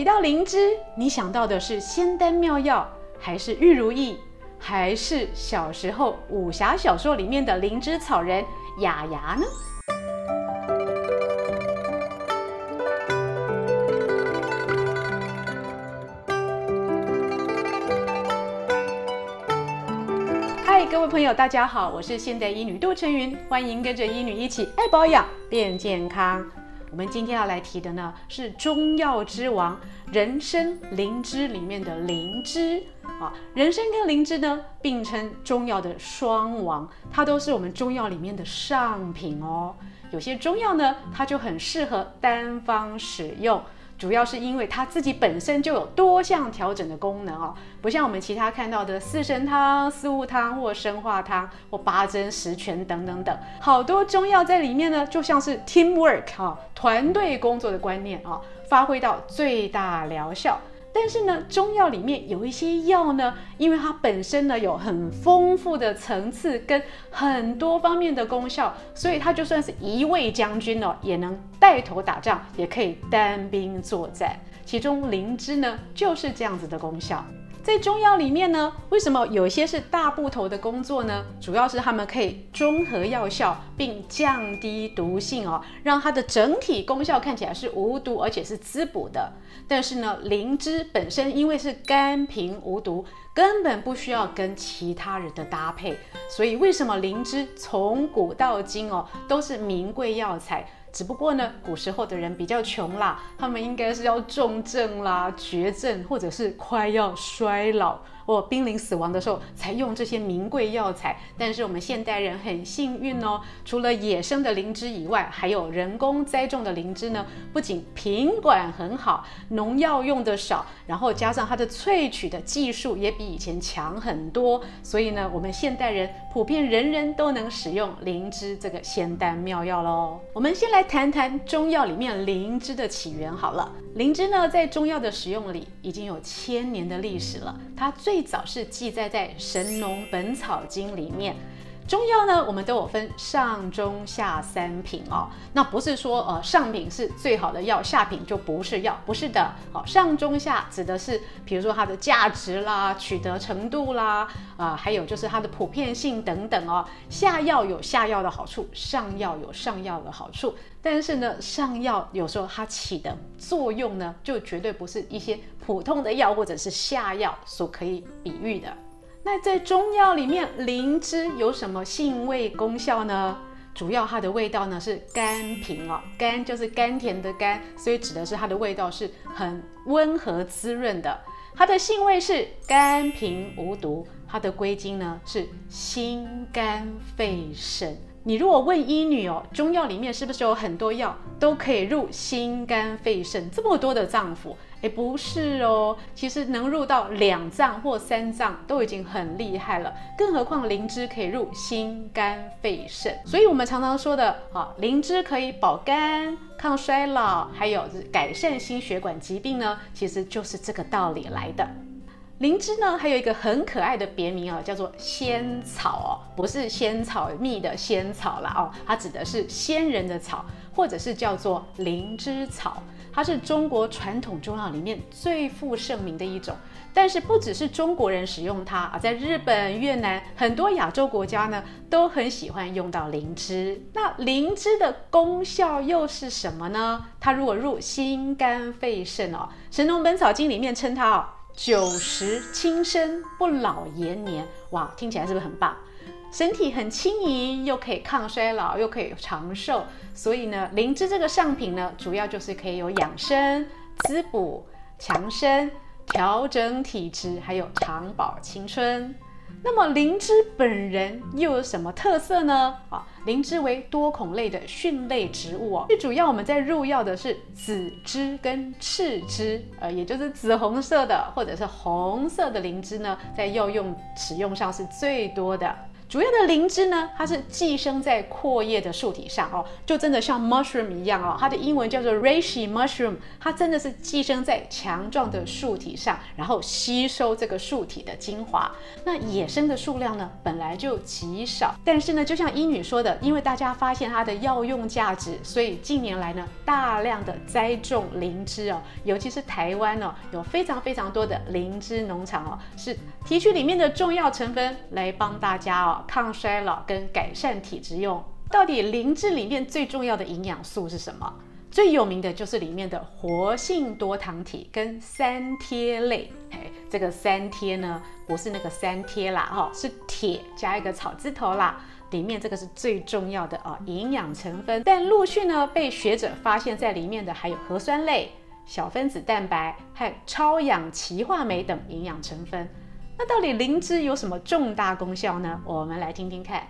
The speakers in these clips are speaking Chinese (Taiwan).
提到靈芝，你想到的是仙丹妙藥，還是玉如意，還是小時候武俠小說裡面的靈芝草人雅雅呢？嗨，各位朋友，大家好，我是現代醫女杜晨云，歡迎跟着醫女一起愛保養變健康。我們今天要來提的呢，是中藥之王——人參、靈芝裡面的靈芝啊。人參跟靈芝呢，並稱中藥的雙王，它都是我們中藥裡面的上品哦。有些中藥呢，它就很適合單方使用。主要是因為它自己本身就有多項調整的功能哦、喔，不像我們其他看到的四神湯、四物湯或生化湯或八珍十全等等等，好多中藥在裡面呢，就像是 teamwork 啊、喔，團隊工作的觀念啊、喔，發揮到最大療效。但是呢，中藥裡面有一些藥呢，因為它本身呢有很豐富的層次跟很多方面的功效，所以它就算是一位將軍哦，也能帶頭打仗，也可以單兵作戰。其中靈芝呢就是這樣子的功效。在中藥裡面呢，為什麼有些是大部頭的工作呢？主要是它們可以中和藥效，並降低毒性哦，讓它的整體功效看起來是無毒，而且是滋補的。但是呢，靈芝本身因為是甘平無毒，根本不需要跟其他人的搭配。所以，為什麼靈芝從古到今哦都是名貴藥材？只不過呢，古時候的人比較窮啦，他們應該是要重症啦、絕症，或者是快要衰老，或瀕臨死亡的時候才用這些名貴藥材，但是我們現代人很幸運哦，除了野生的靈芝以外，還有人工栽種的靈芝呢，不僅品管很好，農藥用的少，然後加上它的萃取的技術也比以前強很多，所以呢，我們現代人普遍人人都能使用靈芝這個仙丹妙藥嘍。我們先來談談中藥裡面靈芝的起源好了，靈芝呢在中藥的使用裡已經有千年的歷史了，它最最早是記載在《神農本草經》裡面。中藥呢，我們都有分上中下三品哦。那不是說呃上品是最好的藥，下品就不是藥，不是的。哦、上中下指的是，比如說它的價值啦、取得程度啦，啊、呃，還有就是它的普遍性等等哦。下藥有下藥的好處，上藥有上藥的好處，但是呢，上藥有時候它起的作用呢，就絕對不是一些。普通的藥或者是下藥所可以比喻的，那在中藥裡面，靈芝有什麼性味功效呢？主要它的味道呢是甘平哦，甘就是甘甜的甘，所以指的是它的味道是很溫和滋潤的。它的性味是甘平無毒，它的歸經呢是心肝肺腎。你如果問醫女哦，中藥裡面是不是有很多藥都可以入心肝肺腎這麼多的臟腑？誒不是哦，其實能入到兩臟或三臟都已經很厲害了，更何況靈芝可以入心、肝、肺、腎。所以我們常常說的啊，靈芝可以保肝、抗衰老，還有改善心血管疾病呢，其實就是這個道理來的。靈芝呢，還有一個很可愛的別名啊，哦，叫做仙草哦，不是仙草蜜的仙草啦。哦，它指的是仙人的草，或者是叫做靈芝草。它是中國傳統中藥裡面最負盛名的一種，但是不只是中國人使用它啊，在日本、越南很多亞洲國家呢，都很喜歡用到靈芝。那靈芝的功效又是什麼呢？它如果入心、肝、肺、腎哦，《神農本草經》裡面稱它哦。久食輕身不老延年，哇，聽起來是不是很棒？身體很輕盈，又可以抗衰老，又可以長壽。所以呢，靈芝這個上品呢，主要就是可以有養生、滋補、強身、調整體質，還有長保青春。那麼靈芝本人又有什麼特色呢？啊，靈芝為多孔類的蕈類植物哦。最主要我們在入藥的是紫芝跟赤芝，呃，也就是紫紅色的或者是紅色的靈芝呢，在藥用使用上是最多的。主要的靈芝呢，它是寄生在闊葉的樹體上哦，就真的像 mushroom 一樣哦，它的英文叫做 reishi mushroom，它真的是寄生在強壯的樹體上，然後吸收這個樹體的精華。那野生的數量呢，本來就極少，但是呢，就像醫女說的，因為大家發現它的藥用價值，所以近年來呢，大量的栽種靈芝哦，尤其是台灣哦，有非常非常多的靈芝農場哦，是提取裡面的重要成分來幫大家哦。抗衰老跟改善體質用，到底靈芝裡面最重要的營養素是什麼？最有名的就是裡面的活性多糖體跟三萜類。哎，這個三萜呢，不是那個三鐵啦，哈，是鐵加一個草字頭啦。裡面這個是最重要的啊營養成分。但陸續呢，被學者發現，在裡面的還有核酸類、小分子蛋白、還有超氧歧化酶等營養成分。那到底靈芝有什麼重大功效呢？我們來聽聽看。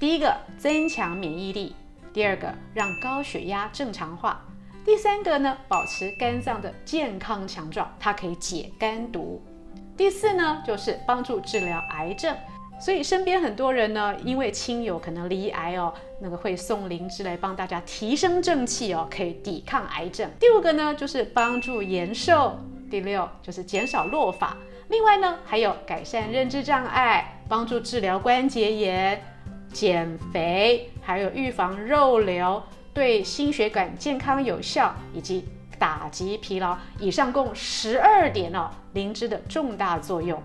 第一個，增強免疫力；第二個，讓高血壓正常化；第三個呢，保持肝臟的健康強壯，它可以解肝毒；第四呢，就是幫助治療癌症。所以身邊很多人呢，因為親友可能罹癌哦，那個會送靈芝來幫大家提升正氣哦，可以抵抗癌症。第五個呢，就是幫助延壽；第六就是減少落髮。另外呢，還有改善認知障礙，幫助治療關節炎、減肥，還有預防肉瘤，對心血管健康有效，以及打擊疲勞。以上共十二點哦，靈芝的重大作用。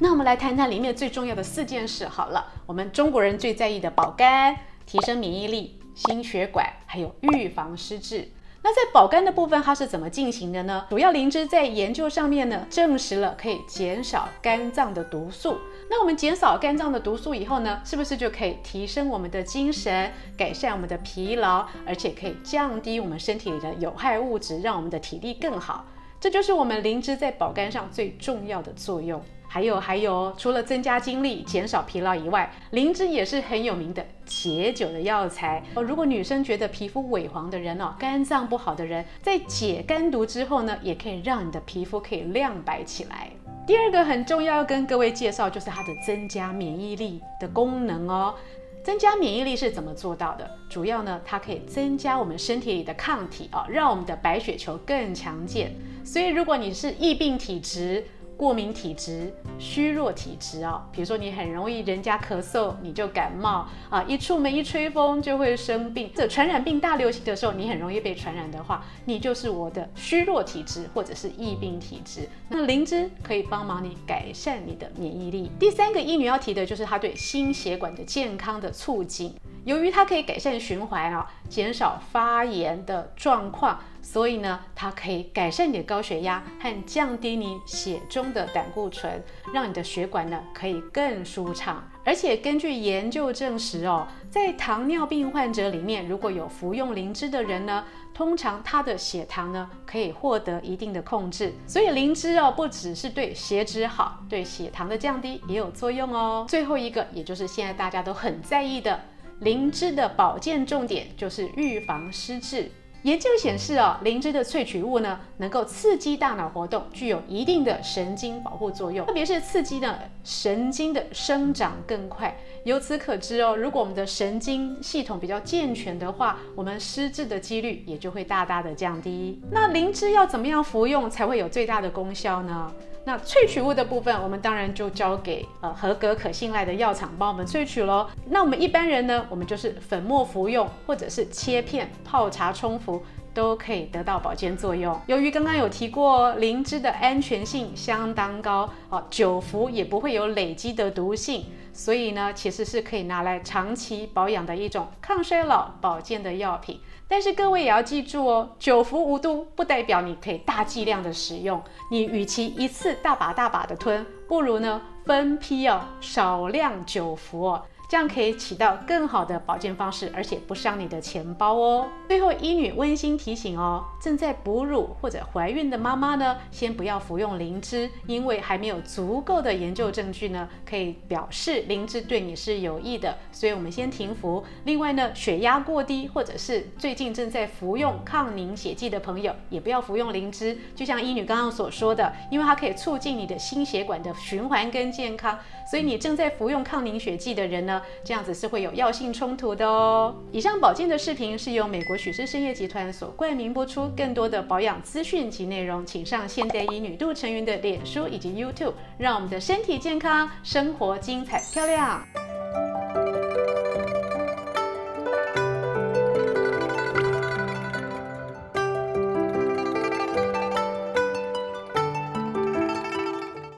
那我們來談談裡面最重要的四件事好了，我們中國人最在意的保肝、提升免疫力、心血管，還有預防失智。那在保肝的部分，它是怎麼進行的呢？主要靈芝在研究上面呢，證實了可以減少肝臟的毒素。那我們減少肝臟的毒素以後呢，是不是就可以提升我們的精神，改善我們的疲勞，而且可以降低我們身體裡的有害物質，讓我們的體力更好？這就是我們靈芝在保肝上最重要的作用。還有還有，除了增加精力、減少疲勞以外，靈芝也是很有名的解酒的藥材哦。如果女生覺得皮膚萎黃的人哦，肝臟不好的人，在解肝毒之後呢，也可以讓你的皮膚可以亮白起來。第二個很重要要跟各位介紹，就是它的增加免疫力的功能哦。增加免疫力是怎麼做到的？主要呢，它可以增加我們身體裡的抗體啊、哦，讓我們的白血球更強健。所以如果你是易病體質，過敏體質、虛弱體質啊、哦，比如說你很容易人家咳嗽你就感冒啊，一出門一吹風就會生病。這傳染病大流行的時候，你很容易被傳染的話，你就是我的虛弱體質或者是易病體質。那靈芝可以幫忙你改善你的免疫力。第三個，醫女要提的就是它對心血管的健康的促進，由於它可以改善循環啊，減少發炎的狀況。所以呢，它可以改善你的高血壓和降低你血中的膽固醇，讓你的血管呢可以更舒暢。而且根據研究證實哦，在糖尿病患者裡面，如果有服用靈芝的人呢，通常他的血糖呢可以獲得一定的控制。所以靈芝哦，不只是對血脂好，對血糖的降低也有作用哦。最後一個，也就是現在大家都很在意的，靈芝的保健重點就是預防失智。研究顯示，哦，靈芝的萃取物呢，能夠刺激大腦活動，具有一定的神經保護作用，特別是刺激神經的生長更快。由此可知，哦，如果我們的神經系統比較健全的話，我們失智的幾率也就會大大的降低。那靈芝要怎麼樣服用才會有最大的功效呢？那萃取物的部分，我們當然就交給呃合格可信賴的藥廠幫我們萃取嘍。那我們一般人呢，我們就是粉末服用，或者是切片泡茶沖服。都可以得到保健作用。由於剛剛有提過靈芝的安全性相當高哦，久服也不會有累積的毒性，所以呢，其實是可以拿來長期保養的一種抗衰老保健的藥品。但是各位也要記住哦，久服無毒不代表你可以大劑量的使用。你與其一次大把大把的吞，不如呢分批，哦少量久服哦。這樣可以起到更好的保健方式，而且不傷你的錢包哦。最後，醫女溫馨提醒哦，正在哺乳或者懷孕的媽媽呢，先不要服用靈芝，因為還沒有足夠的研究證據呢，可以表示靈芝對你是有益的，所以我們先停服。另外呢，血壓過低或者是最近正在服用抗凝血劑的朋友，也不要服用靈芝。就像醫女剛剛所說的，因為它可以促進你的心血管的循環跟健康，所以你正在服用抗凝血劑的人呢。這樣子是會有藥性衝突的哦。以上保健的視頻是由美國許氏參業集團所冠名播出，更多的保養資訊及內容，請上現代醫女杜丞芸的臉書以及 YouTube，讓我們的身體健康，生活精彩漂亮。